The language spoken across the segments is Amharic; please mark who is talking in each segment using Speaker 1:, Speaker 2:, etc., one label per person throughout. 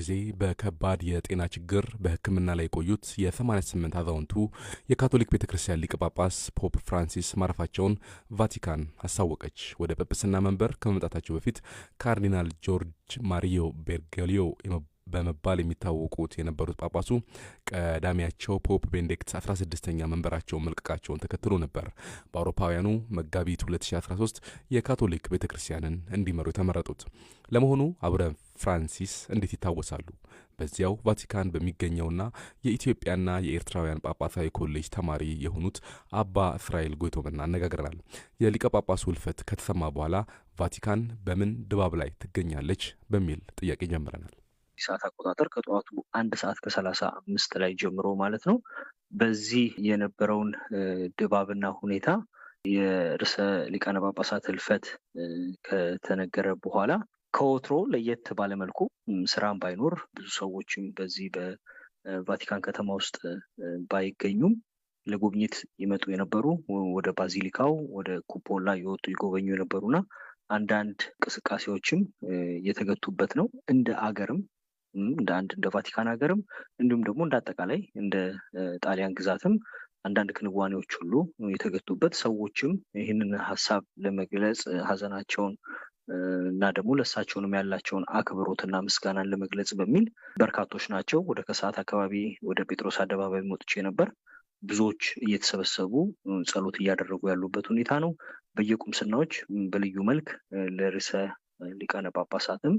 Speaker 1: ጊዜ በከባድ የጤና ችግር በሕክምና ላይ የቆዩት የ88 አዛውንቱ የካቶሊክ ቤተ ክርስቲያን ሊቀ ጳጳስ ፖፕ ፍራንሲስ ማረፋቸውን ቫቲካን አሳወቀች። ወደ ጵጵስና መንበር ከመምጣታቸው በፊት ካርዲናል ጆርጅ ማሪዮ የመ በመባል የሚታወቁት የነበሩት ጳጳሱ ቀዳሚያቸው ፖፕ ቤኔዲክት 16ኛ መንበራቸውን መልቀቃቸውን ተከትሎ ነበር በአውሮፓውያኑ መጋቢት 2013 የካቶሊክ ቤተ ክርስቲያንን እንዲመሩ የተመረጡት። ለመሆኑ አቡነ ፍራንሲስ እንዴት ይታወሳሉ? በዚያው ቫቲካን በሚገኘውና የኢትዮጵያና የኤርትራውያን ጳጳሳዊ ኮሌጅ ተማሪ የሆኑት አባ እስራኤል ጎይቶምና አነጋግረናል። የሊቀ ጳጳሱ ውልፈት ከተሰማ በኋላ ቫቲካን በምን ድባብ ላይ ትገኛለች በሚል ጥያቄ ጀምረናል።
Speaker 2: በአዲስ ሰዓት አቆጣጠር ከጠዋቱ አንድ ሰዓት ከሰላሳ አምስት ላይ ጀምሮ ማለት ነው። በዚህ የነበረውን ድባብና ሁኔታ የርዕሰ ሊቃነ ጳጳሳት ህልፈት ከተነገረ በኋላ ከወትሮ ለየት ባለመልኩ ስራም ባይኖር ብዙ ሰዎችም በዚህ በቫቲካን ከተማ ውስጥ ባይገኙም ለጉብኝት ይመጡ የነበሩ ወደ ባዚሊካው ወደ ኩፖላ የወጡ ይጎበኙ የነበሩና አንዳንድ እንቅስቃሴዎችም የተገቱበት ነው። እንደ አገርም እንደ አንድ እንደ ቫቲካን ሀገርም እንዲሁም ደግሞ እንደ አጠቃላይ እንደ ጣሊያን ግዛትም አንዳንድ ክንዋኔዎች ሁሉ የተገቱበት ሰዎችም ይህንን ሀሳብ ለመግለጽ ሀዘናቸውን እና ደግሞ ለእሳቸውንም ያላቸውን አክብሮትና ምስጋናን ለመግለጽ በሚል በርካቶች ናቸው። ወደ ከሰዓት አካባቢ ወደ ጴጥሮስ አደባባይ መጥቼ ነበር። ብዙዎች እየተሰበሰቡ ጸሎት እያደረጉ ያሉበት ሁኔታ ነው። በየቁምስናዎች በልዩ መልክ ለርዕሰ ሊቃነ ጳጳሳትም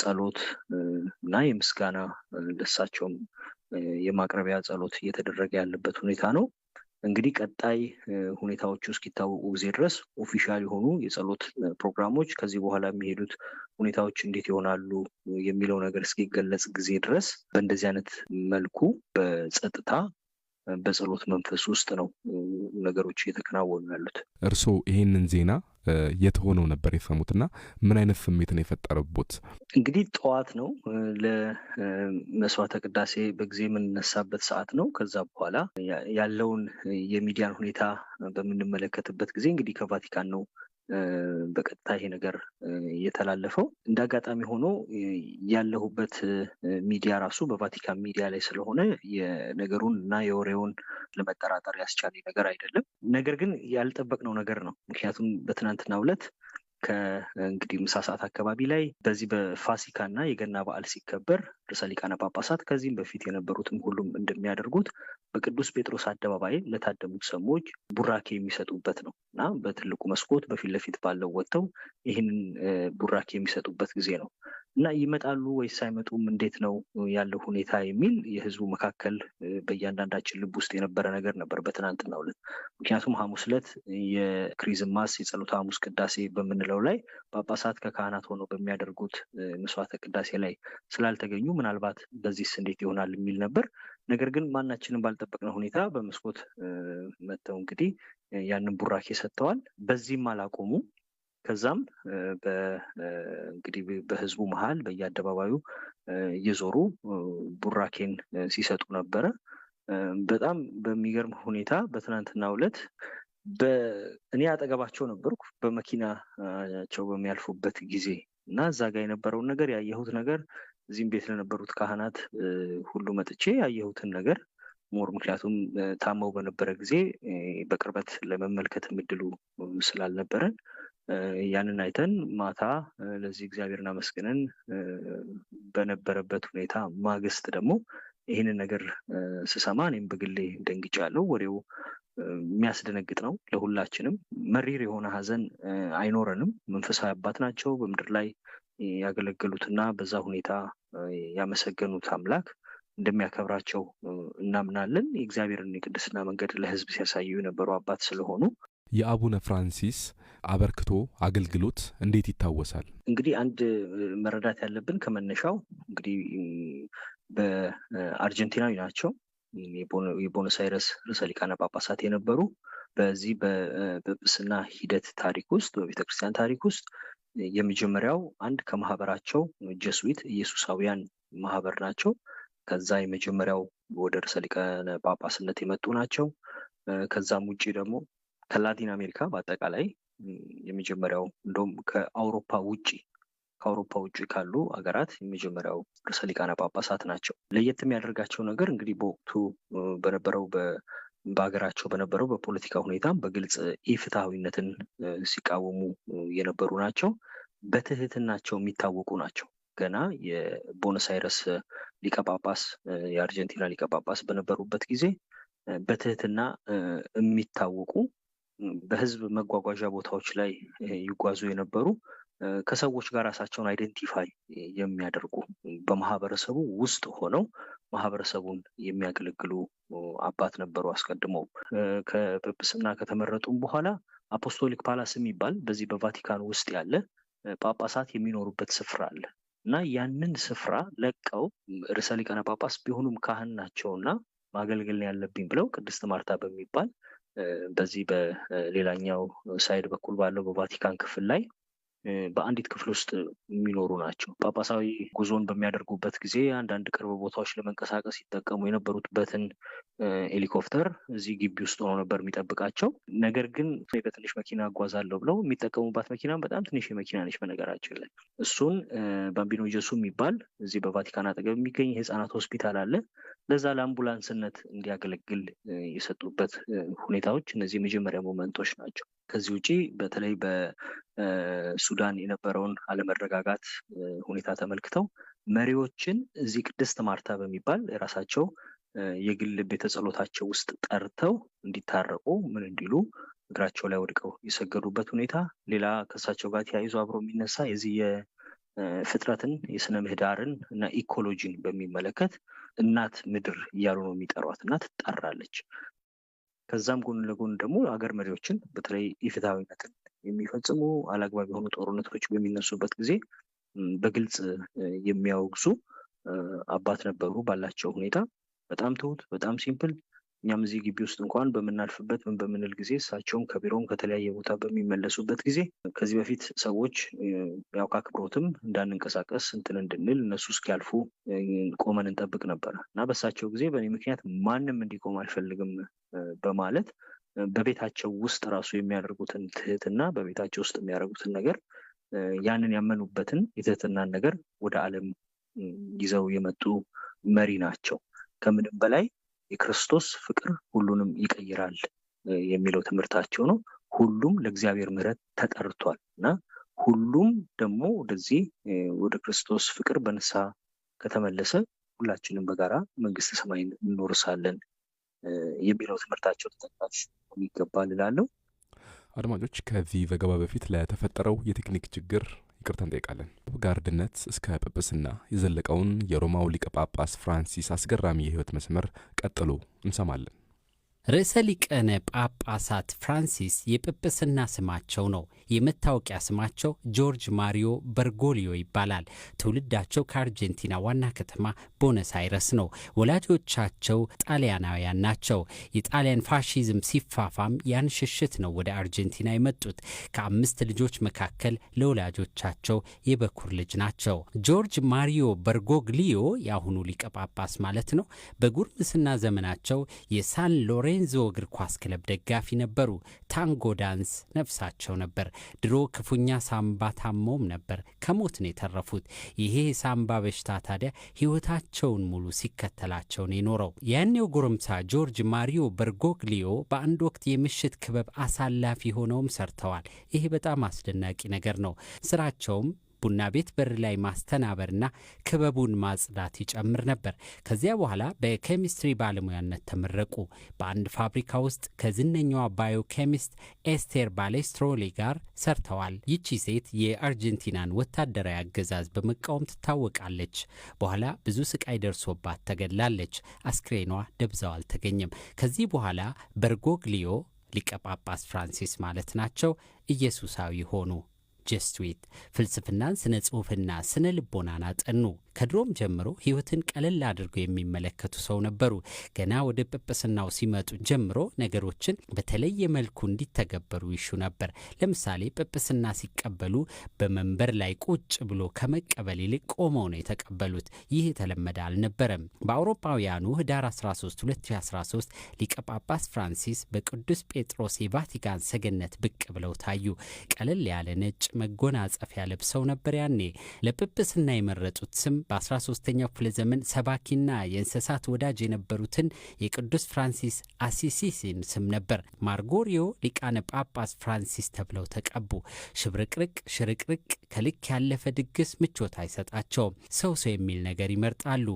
Speaker 2: ጸሎት እና የምስጋና ለሳቸውም የማቅረቢያ ጸሎት እየተደረገ ያለበት ሁኔታ ነው። እንግዲህ ቀጣይ ሁኔታዎቹ እስኪታወቁ ጊዜ ድረስ ኦፊሻል የሆኑ የጸሎት ፕሮግራሞች ከዚህ በኋላ የሚሄዱት ሁኔታዎች እንዴት ይሆናሉ የሚለው ነገር እስኪገለጽ ጊዜ ድረስ በእንደዚህ አይነት መልኩ በጸጥታ በጸሎት መንፈስ ውስጥ ነው ነገሮች እየተከናወኑ ያሉት።
Speaker 1: እርስዎ ይህንን ዜና የት ሆነው ነበር የሰሙትና ምን አይነት ስሜት ነው የፈጠረቦት?
Speaker 2: እንግዲህ ጠዋት ነው ለመስዋዕተ ቅዳሴ በጊዜ የምንነሳበት ሰዓት ነው። ከዛ በኋላ ያለውን የሚዲያን ሁኔታ በምንመለከትበት ጊዜ እንግዲህ ከቫቲካን ነው በቀጥታ ይሄ ነገር የተላለፈው። እንደ አጋጣሚ ሆኖ ያለሁበት ሚዲያ ራሱ በቫቲካን ሚዲያ ላይ ስለሆነ የነገሩን እና የወሬውን ለመጠራጠር ያስቻለ ነገር አይደለም። ነገር ግን ያልጠበቅነው ነገር ነው። ምክንያቱም በትናንትና ውለት ከእንግዲህ ምሳ ሰዓት አካባቢ ላይ በዚህ በፋሲካና የገና በዓል ሲከበር ርዕሰ ጳጳሳት ከዚህም በፊት የነበሩትም ሁሉም እንደሚያደርጉት በቅዱስ ጴጥሮስ አደባባይ ለታደሙት ሰዎች ቡራኬ የሚሰጡበት ነው እና በትልቁ መስኮት በፊት ለፊት ባለው ወጥተው ይህንን ቡራኬ የሚሰጡበት ጊዜ ነው። እና ይመጣሉ ወይስ አይመጡም፣ እንዴት ነው ያለው ሁኔታ የሚል የህዝቡ መካከል በእያንዳንዳችን ልብ ውስጥ የነበረ ነገር ነበር በትናንትና ውለት ምክንያቱም ሐሙስ ለት የክሪዝማስ የጸሎት ሐሙስ ቅዳሴ በምንለው ላይ ጳጳሳት ከካህናት ሆነው በሚያደርጉት መስዋዕተ ቅዳሴ ላይ ስላልተገኙ ምናልባት በዚህ እንዴት ይሆናል የሚል ነበር። ነገር ግን ማናችንም ባልጠበቅነው ሁኔታ በመስኮት መጥተው እንግዲህ ያንን ቡራኬ ሰጥተዋል። በዚህም አላቆሙ ከዛም እንግዲህ በህዝቡ መሀል በየአደባባዩ እየዞሩ ቡራኬን ሲሰጡ ነበረ። በጣም በሚገርም ሁኔታ በትናንትና ዕለት እኔ አጠገባቸው ነበርኩ። በመኪናቸው በሚያልፉበት ጊዜ እና እዛ ጋር የነበረውን ነገር ያየሁት ነገር እዚህም ቤት ለነበሩት ካህናት ሁሉ መጥቼ ያየሁትን ነገር ሞር ምክንያቱም ታመው በነበረ ጊዜ በቅርበት ለመመልከት እድሉ ስላልነበረን ያንን አይተን ማታ ለዚህ እግዚአብሔርን አመስግነን በነበረበት ሁኔታ ማግስት ደግሞ ይህንን ነገር ስሰማ እኔም በግሌ ደንግጫለሁ። ወሬው የሚያስደነግጥ ነው። ለሁላችንም መሪር የሆነ ሀዘን አይኖረንም። መንፈሳዊ አባት ናቸው። በምድር ላይ ያገለገሉትና በዛ ሁኔታ ያመሰገኑት አምላክ እንደሚያከብራቸው እናምናለን። የእግዚአብሔርን የቅድስና መንገድ ለህዝብ ሲያሳዩ የነበሩ አባት ስለሆኑ
Speaker 1: የአቡነ ፍራንሲስ አበርክቶ አገልግሎት እንዴት ይታወሳል?
Speaker 2: እንግዲህ አንድ መረዳት ያለብን ከመነሻው እንግዲህ በአርጀንቲናዊ ናቸው የቦነስ አይረስ ርዕሰ ሊቃነ ጳጳሳት የነበሩ በዚህ በጵጵስና ሂደት ታሪክ ውስጥ በቤተክርስቲያን ታሪክ ውስጥ የመጀመሪያው አንድ ከማህበራቸው ጀስዊት ኢየሱሳውያን ማህበር ናቸው። ከዛ የመጀመሪያው ወደ ርዕሰ ሊቃነ ጳጳስነት የመጡ ናቸው። ከዛም ውጭ ደግሞ ከላቲን አሜሪካ በአጠቃላይ የመጀመሪያው እንደውም ከአውሮፓ ውጭ ከአውሮፓ ውጭ ካሉ ሀገራት የመጀመሪያው ርዕሰ ሊቃነ ጳጳሳት ናቸው። ለየት የሚያደርጋቸው ነገር እንግዲህ በወቅቱ በነበረው በሀገራቸው በነበረው በፖለቲካ ሁኔታም በግልጽ ኢፍትሐዊነትን ሲቃወሙ የነበሩ ናቸው። በትህትናቸው የሚታወቁ ናቸው። ገና የቦነስ አይረስ የአርጀንቲና ሊቀጳጳስ ጳጳስ በነበሩበት ጊዜ በትህትና የሚታወቁ በህዝብ መጓጓዣ ቦታዎች ላይ ይጓዙ የነበሩ ከሰዎች ጋር ራሳቸውን አይደንቲፋይ የሚያደርጉ በማህበረሰቡ ውስጥ ሆነው ማህበረሰቡን የሚያገለግሉ አባት ነበሩ። አስቀድመው ከጵጵስና ከተመረጡም በኋላ አፖስቶሊክ ፓላስ የሚባል በዚህ በቫቲካን ውስጥ ያለ ጳጳሳት የሚኖሩበት ስፍራ አለ እና ያንን ስፍራ ለቀው ርዕሰ ሊቀነ ጳጳስ ቢሆኑም ካህን ናቸውና ማገልገል ያለብኝ ብለው ቅድስት ማርታ በሚባል በዚህ በሌላኛው ሳይድ በኩል ባለው በቫቲካን ክፍል ላይ በአንዲት ክፍል ውስጥ የሚኖሩ ናቸው። ጳጳሳዊ ጉዞን በሚያደርጉበት ጊዜ አንዳንድ ቅርብ ቦታዎች ለመንቀሳቀስ ሲጠቀሙ የነበሩትበትን ሄሊኮፕተር እዚህ ግቢ ውስጥ ሆኖ ነበር የሚጠብቃቸው። ነገር ግን በትንሽ መኪና አጓዛለሁ ብለው የሚጠቀሙባት መኪና በጣም ትንሽ መኪና ነች። በነገራችን ላይ እሱን ባምቢኖ ጀሱ የሚባል እዚህ በቫቲካን አጠገብ የሚገኝ የህፃናት ሆስፒታል አለ። ለዛ ለአምቡላንስነት እንዲያገለግል የሰጡበት ሁኔታዎች እነዚህ የመጀመሪያ ሞመንቶች ናቸው። ከዚህ ውጪ በተለይ በሱዳን የነበረውን አለመረጋጋት ሁኔታ ተመልክተው መሪዎችን እዚህ ቅድስት ማርታ በሚባል የራሳቸው የግል ቤተጸሎታቸው ውስጥ ጠርተው እንዲታረቁ ምን እንዲሉ እግራቸው ላይ ወድቀው የሰገዱበት ሁኔታ፣ ሌላ ከእሳቸው ጋር ተያይዞ አብሮ የሚነሳ የዚህ የፍጥረትን የስነ ምህዳርን እና ኢኮሎጂን በሚመለከት እናት ምድር እያሉ ነው የሚጠሯት እና ትጠራለች። ከዛም ጎን ለጎን ደግሞ ሀገር መሪዎችን በተለይ ኢፍትሐዊነትን የሚፈጽሙ አላግባብ የሆኑ ጦርነቶች በሚነሱበት ጊዜ በግልጽ የሚያወግዙ አባት ነበሩ። ባላቸው ሁኔታ በጣም ትሁት፣ በጣም ሲምፕል እኛም እዚህ ግቢ ውስጥ እንኳን በምናልፍበት ምን በምንል ጊዜ እሳቸውም ከቢሮም ከተለያየ ቦታ በሚመለሱበት ጊዜ ከዚህ በፊት ሰዎች ያው ከአክብሮትም እንዳንንቀሳቀስ እንትን እንድንል እነሱ እስኪያልፉ ቆመን እንጠብቅ ነበረ እና በእሳቸው ጊዜ በእኔ ምክንያት ማንም እንዲቆም አልፈልግም በማለት በቤታቸው ውስጥ ራሱ የሚያደርጉትን ትህትና በቤታቸው ውስጥ የሚያደርጉትን ነገር ያንን ያመኑበትን የትህትናን ነገር ወደ አለም ይዘው የመጡ መሪ ናቸው። ከምንም በላይ የክርስቶስ ፍቅር ሁሉንም ይቀይራል የሚለው ትምህርታቸው ነው። ሁሉም ለእግዚአብሔር ምረት ተጠርቷል እና ሁሉም ደግሞ ወደዚህ ወደ ክርስቶስ ፍቅር በንሳ ከተመለሰ ሁላችንም በጋራ መንግስት ሰማይ እንኖርሳለን የሚለው ትምህርታቸው ተጠቃሽ ይገባል ላለው
Speaker 1: አድማጮች ከዚህ ዘገባ በፊት ለተፈጠረው የቴክኒክ ችግር ይቅርታ እንጠይቃለን። ጋርድነት እስከ ጵጵስና የዘለቀውን የሮማው ሊቀ ጳጳስ ፍራንሲስ አስገራሚ የህይወት መስመር ቀጥሎ እንሰማለን።
Speaker 3: ርዕሰ ሊቀነ ጳጳሳት ፍራንሲስ የጵጵስና ስማቸው ነው። የመታወቂያ ስማቸው ጆርጅ ማሪዮ በርጎሊዮ ይባላል። ትውልዳቸው ከአርጀንቲና ዋና ከተማ ቦነስ አይረስ ነው። ወላጆቻቸው ጣሊያናውያን ናቸው። የጣሊያን ፋሺዝም ሲፋፋም ያን ሽሽት ነው ወደ አርጀንቲና የመጡት። ከአምስት ልጆች መካከል ለወላጆቻቸው የበኩር ልጅ ናቸው። ጆርጅ ማሪዮ በርጎግሊዮ የአሁኑ ሊቀ ጳጳስ ማለት ነው። በጉርምስና ዘመናቸው የሳን ሎሬ የሬንዞ እግር ኳስ ክለብ ደጋፊ ነበሩ። ታንጎ ዳንስ ነፍሳቸው ነበር። ድሮ ክፉኛ ሳምባ ታመውም ነበር፣ ከሞት ነው የተረፉት። ይሄ የሳምባ በሽታ ታዲያ ሕይወታቸውን ሙሉ ሲከተላቸው ነው የኖረው። ያኔው ጎረምሳ ጆርጅ ማሪዮ በርጎግሊዮ በአንድ ወቅት የምሽት ክበብ አሳላፊ ሆነውም ሰርተዋል። ይሄ በጣም አስደናቂ ነገር ነው። ስራቸውም ቡና ቤት በር ላይ ማስተናበርና ክበቡን ማጽዳት ይጨምር ነበር። ከዚያ በኋላ በኬሚስትሪ ባለሙያነት ተመረቁ። በአንድ ፋብሪካ ውስጥ ከዝነኛዋ ባዮኬሚስት ኤስቴር ባሌስትሮሊ ጋር ሰርተዋል። ይቺ ሴት የአርጀንቲናን ወታደራዊ አገዛዝ በመቃወም ትታወቃለች። በኋላ ብዙ ስቃይ ደርሶባት ተገላለች አስክሬኗ ደብዛው አልተገኘም። ከዚህ በኋላ በርጎግሊዮ ሊቀ ጳጳስ ፍራንሲስ ማለት ናቸው ኢየሱሳዊ ሆኑ። ጀስዊት ፍልስፍናን፣ ስነ ጽሑፍና ስነ ልቦናን አጠኑ። ከድሮም ጀምሮ ህይወትን ቀለል አድርገው የሚመለከቱ ሰው ነበሩ። ገና ወደ ጵጵስናው ሲመጡ ጀምሮ ነገሮችን በተለየ መልኩ እንዲተገበሩ ይሹ ነበር። ለምሳሌ ጵጵስና ሲቀበሉ በመንበር ላይ ቁጭ ብሎ ከመቀበል ይልቅ ቆመው ነው የተቀበሉት። ይህ የተለመደ አልነበረም። በአውሮፓውያኑ ህዳር 13 2013 ሊቀ ጳጳስ ፍራንሲስ በቅዱስ ጴጥሮስ የቫቲካን ሰገነት ብቅ ብለው ታዩ። ቀለል ያለ ነጭ መጎናጸፊያ ለብሰው ነበር። ያኔ ለጵጵስና የመረጡት ስም በ13ኛው ክፍለ ዘመን ሰባኪና የእንስሳት ወዳጅ የነበሩትን የቅዱስ ፍራንሲስ አሲሲሲን ስም ነበር ማርጎሪዮ ሊቃነ ጳጳስ ፍራንሲስ ተብለው ተቀቡ። ሽብርቅርቅ ሽርቅርቅ፣ ከልክ ያለፈ ድግስ ምቾት አይሰጣቸውም። ሰው ሰው የሚል ነገር ይመርጣሉ።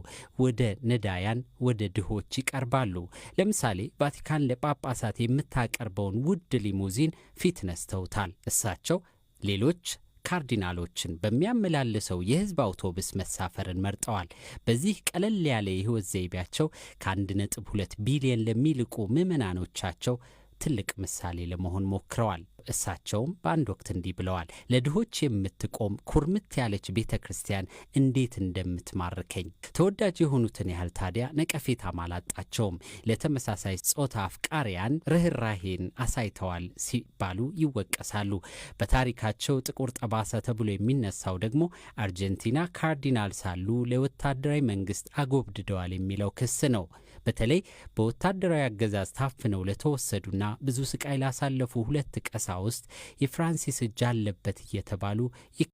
Speaker 3: ወደ ነዳያን፣ ወደ ድሆች ይቀርባሉ። ለምሳሌ ቫቲካን ለጳጳሳት የምታቀርበውን ውድ ሊሙዚን ፊት ነስተውታል እሳቸው ሌሎች ካርዲናሎችን በሚያመላልሰው የህዝብ አውቶቡስ መሳፈርን መርጠዋል። በዚህ ቀለል ያለ የህይወት ዘይቤያቸው ከ1.2 ቢሊዮን ለሚልቁ ምዕመናኖቻቸው ትልቅ ምሳሌ ለመሆን ሞክረዋል። እሳቸውም በአንድ ወቅት እንዲህ ብለዋል፣ ለድሆች የምትቆም ኩርምት ያለች ቤተ ክርስቲያን እንዴት እንደምትማርከኝ። ተወዳጅ የሆኑትን ያህል ታዲያ ነቀፌታም አላጣቸውም። ለተመሳሳይ ጾታ አፍቃሪያን ርኅራሄን አሳይተዋል ሲባሉ ይወቀሳሉ። በታሪካቸው ጥቁር ጠባሳ ተብሎ የሚነሳው ደግሞ አርጀንቲና ካርዲናል ሳሉ ለወታደራዊ መንግስት አጎብድደዋል የሚለው ክስ ነው። በተለይ በወታደራዊ አገዛዝ ታፍነው ለተወሰዱና ብዙ ስቃይ ላሳለፉ ሁለት ቀሳውስት የፍራንሲስ እጅ አለበት እየተባሉ